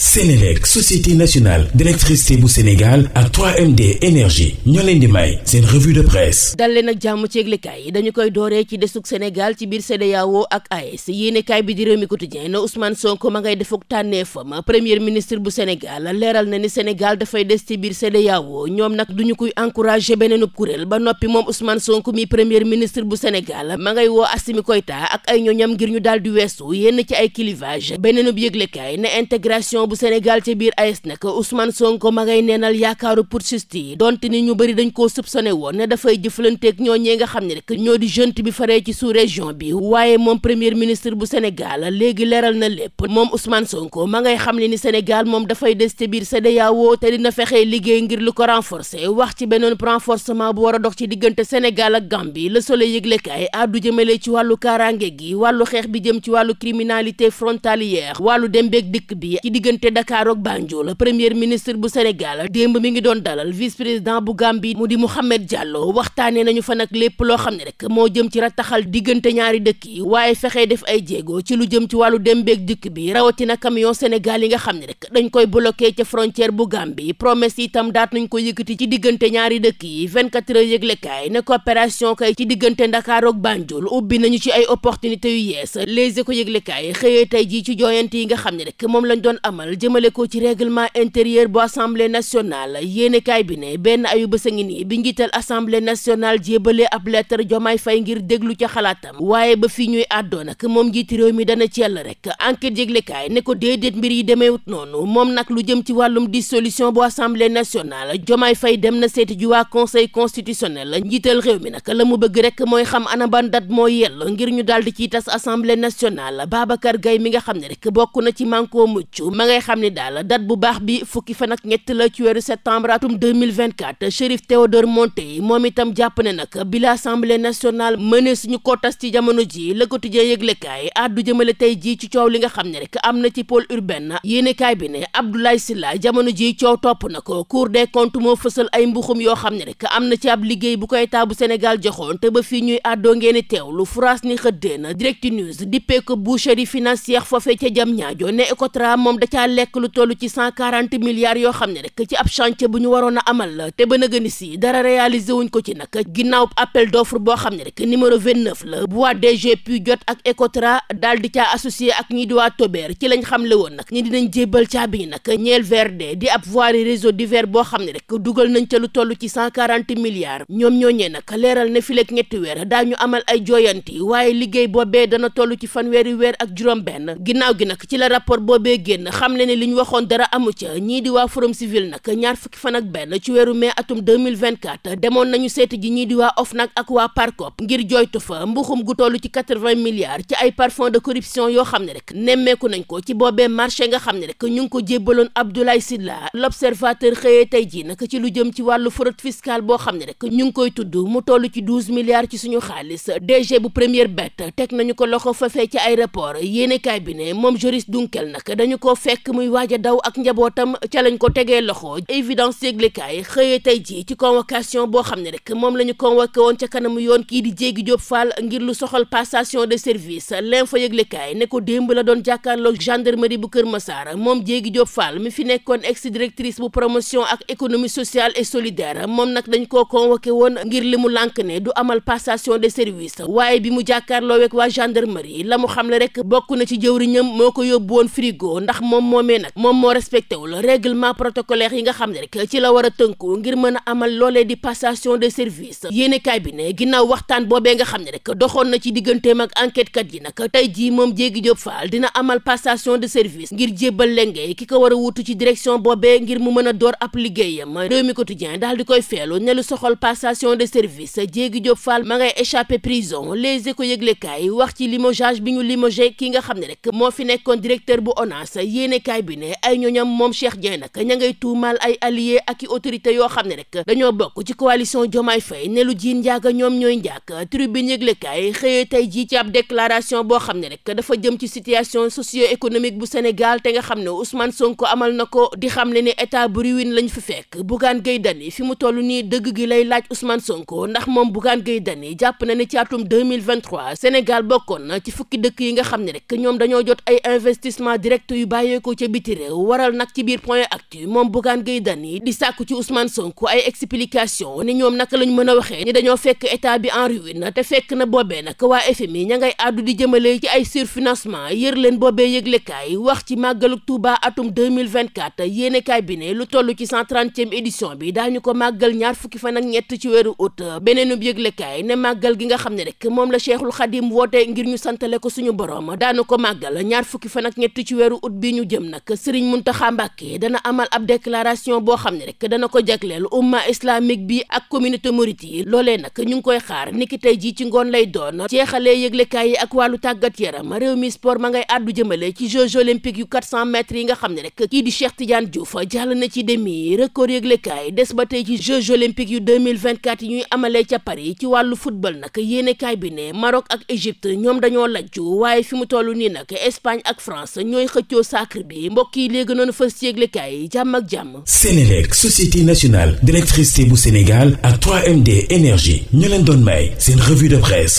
Sénélec société nationale d'électricité bu Sénégal ak 3MD énergie ñoo leen di may seen revue de presse dal leen jàmm ci yëglekaay yi dañu koy dooree ci desug Sénégal ci biir CEDEAO ak AES yéenekaay bi di Rewmi Quotidien na Ousmane sonk ma ngay defuk tànneefam premier ministre bu Sénégal leeral na ni Sénégal dafay des ci biir CEDEAO ñoom nag duñu koy encouragé beneenub kuréel ba noppi moom Ousmane sonk mi premier ministre bu Sénégal ma ngay woo Assimi Koïta ak ay ñooñam ngir ñu daal di weesu yenn ci ay clivage beneenub yëglekaay na intégration bu Sénégal ca biir AES nag Ousmane Sonko ma ngay neenal yaakaaru poursuite yi donte ni ñu bëri dañ koo soupçonné woon ne dafay jëflanteeg ñoo ñee nga xam ne rek ñoo di junte bi faree ci sous région bi waaye moom premier ministre bu Sénégal léegi leeral na lépp moom Ousmane Sonko ma ngay xam ne ni Sénégal moom dafay des ca biir CEDEAO te dina fexee liggéey ngir lu ko renforcer wax ci beneen renforcement bu war a dox ci diggante Sénégal ak Gambie Le Soleil yëglekaay àddu jëmale ci wàllu kaaraange gi wàllu xeex bi jëm ci wàllu criminalité frontalière wàllu dem beeg dikk bi ci diggante diggante Dakar ak Banjul premier ministre bu Sénégal démb mi ngi doon dalal vice président bu Gambie mu di Mouhamed Diallo waxtaanee nañu fa nag lépp loo xam ne rek moo jëm ci rataxal diggante ñaari dëkk yi waaye fexee def ay jéego ci lu jëm ci wàllu dem beeg dikk bi rawatina camion Sénégal yi nga xam ne rek dañ koy bloqué ca frontière bu Gambie promesse itam daat nañ ko yëkkati ci diggante ñaari dëkk yi 24 heures yëglekaay ne coopération kay diggante Dakar ak Banjul nañu ci ay opportunités yu yees les éco yëglekaay xëyee tey jii ci jooyante yi xam ne rek moom lañ doon am amal jëmale ko ci règlement intérieur bu assemblée nationale yéenekaay bi ne benn ayu bés a ngi nii bi njiital assemblée nationale jébalee ab lettre jomaay fay ngir déglu ci xalaatam waaye ba fii ñuy àddoo nag moom njiiti réew mi dana cell rek enquête yëglekaay ne ko déedéet mbir yi demeewut noonu moom nag lu jëm ci wàllum dissolution bu assemblée nationale jomaay fay dem na seeti ju waa conseil constitutionnel njiital réew mi nag la mu bëgg rek mooy xam ana ban dat moo yell ngir ñu daal di ciy tas assemblée nationale Babacar mi nga xam ngay xam ni daal date bu baax bi fukki fan ak ñett la ci weeru septembre atum 2024 Chérif Théodore Monteil moom itam jàpp ne nag bi la assemblée nationale mënee suñu ko tas ci jamono ji Le Quotidien yëglekaay addu jëmale tey jii ci coow li nga xam ne rek am na ci pôle urbain yéenekaay bi ne Abdoulaye Sylla jamono ji coow topp na ko Cour des comptes moo fësal ay mbuxum yoo xam ne rek am na ci ab liggéey bu ko état Sénégal joxoon te ba fii ñuy àddoo ngeen Sénégal lekk lu toll ci cent quarante milliards yoo xam ne rek ci ab chantier bu ñu waroon a amal la te ba nëgëni si dara réalisé wuñ ko ci nag ginnaaw appel d'offre boo xam ne rek numéro vingt-neuf la bu DG puis jot ak Ecotra daal di caa associé ak ñi di waa Tober ci lañ xamle woon nag ñi dinañ jébbal caabi ñi nag ñeel VRD di ab voirie réseau divers boo xam ne rek dugal nañ ca lu toll ci milliards ñoom ñooñee nag leeral ne fileeg ñetti weer daañu amal ay jooyanti xamle ne li ñu waxoon dara amu ca ñii di waa forum civil nag ñaar fukki fan ak benn ci weeru mai atum 2024 demoon nañu seeti ji ñii di waa OFNAC ak waa PARCOP ngir joytu fa mbuxum gu toll ci 80 milliards ci ay parfum de corruption yoo xam ne rek nemmeeku nañ ko ci boobee marché nga xam ne rek ñu ngi ko jébbaloon Abdoulaye Sylla l'observateur xëyee tey jii nag ci lu jëm ci wàllu fraude fiscale boo xam ne rek ñu ngi koy tudd mu toll ci 12 milliards ci suñu xaalis DG bu Première Bête teg nañu ko loxo fafee ci aéroport yéenekaay bi ne moom Joris Dunkel nag fekk muy waaj a daw ak njabootam ca lañ ko tegee loxo évidence yëglekaay xëyee tey jii ci convocation boo xam ne rek moom la ñu convoqué woon ca kanamu yoon kii di Diégui Diop Fall ngir lu soxal passation de service l'info yëglekaay ne ko démb la doon jàkkaarloo gendarmerie bu Kër Massar moom Diégui Diop faal mi fi nekkoon ex directrice bu promotion ak économie sociale et solidaire moom nag dañ koo convoqué woon ngir li mu lànk ne du amal passation de service waaye bi mu jàkkaarloo ak waa gendarmerie la mu xamle rek bokk na ci jëwriñam moo ko yóbbu moomee nag moom moo respecté wul règlement protocolaire yi nga xam ne rek ci la war a tënku ngir mën a amal loolee di passation de service yéenekaay bi ne ginnaaw waxtaan boobee nga xam ne rek doxoon na ci digganteem ak enquête kat yi nag tey jii moom Diéguy Diop Fall dina amal passation de service ngir jébbal lenge ki ko war a wutu ci direction boobee ngir mu mën a door ab liggéeyam réew mi quotidien daal di koy feelu ne lu soxal passation de service Diéguy jo Fall ma ngay échappé prison les éco yëglekaay wax ci limogeage bi ñu limogé ki nga xam ne rek moo fi nekkoon directeur bu ONAS yéene yéenekaay bi ne ay ñoñam moom Cheikh Dieng nag ña ngay tuumaal ay alliés ak i autorité yoo xam ne rek dañoo bokk ci coalition Diomaye Faye ne lu jiin njaaga ñoom ñooy njaak tribune yëglekaay xëyee tey jii ci ab déclaration boo xam ne rek dafa jëm ci situation socio-économique bu Sénégal te nga xam ne Ousmane Sonko amal na ko di xam ne ne état bu ruine lañ fi fekk Bougane Gueye Dany fi mu toll nii dëgg gi lay laaj Ousmane Sonko ndax moom Bougane Gueye Dany jàpp na ci atum 2023 Sénégal bokkoon na ci dëkk yi nga xam ne rek ko ca biti réew waral nag ci biir point actu moom Bougane Gueye Dany di sàkku ci Ousmane Sonko ay explication ni ñoom naka lañ mën a waxee ni dañoo fekk état bi en ruine te fekk na boobee nag waa FMI ña ngay àddu di jëmale ci ay surfinancement yër leen boobee yëglekaay wax ci màggalu Touba atum 2024 yéenekaay bi ne lu toll ci 130e édition bi daañu ko màggal ñaar fukki fan ak ñett ci weeru août beneenub yëglekaay ne màggal gi nga xam ne rek moom la Cheikhul Khadim woote ngir ñu santale ko suñu borom daanu ko màggal jëm nag sëriñ Muntaxa Mbàkke dana amal ab déclaration boo xam ne rek dana ko jagleel umma islamique bi ak communauté mouride yi loolee nag ñu ngi koy xaar niki tey jii ci ngoon lay doon jeexalee yëglekaay yi ak wàllu tàggat yaram réew mi sport ma ngay àddu jëmale ci jeux olympiques yu 400 mètres yi nga xam ne rek kii di Cheikh Tidiane Diouf jàll na ci demi record yëglekaay des ba tey ci jeux olympiques yu 2024 yi ñuy amalee ca Paris ci wàllu football nag yéenekaay bi ne Maroc ak Égypte ñoom dañoo lajju waaye fi mu toll nii nag Espagne ak France ñooy xëccoo sacré dëkk bi mbokk yi léegi noonu fas yéeglekaay yi jàmm ak jàmm Sénélec société nationale d'électricité bu Sénégal ak 3MD énergie ñu leen doon may seen revue de presse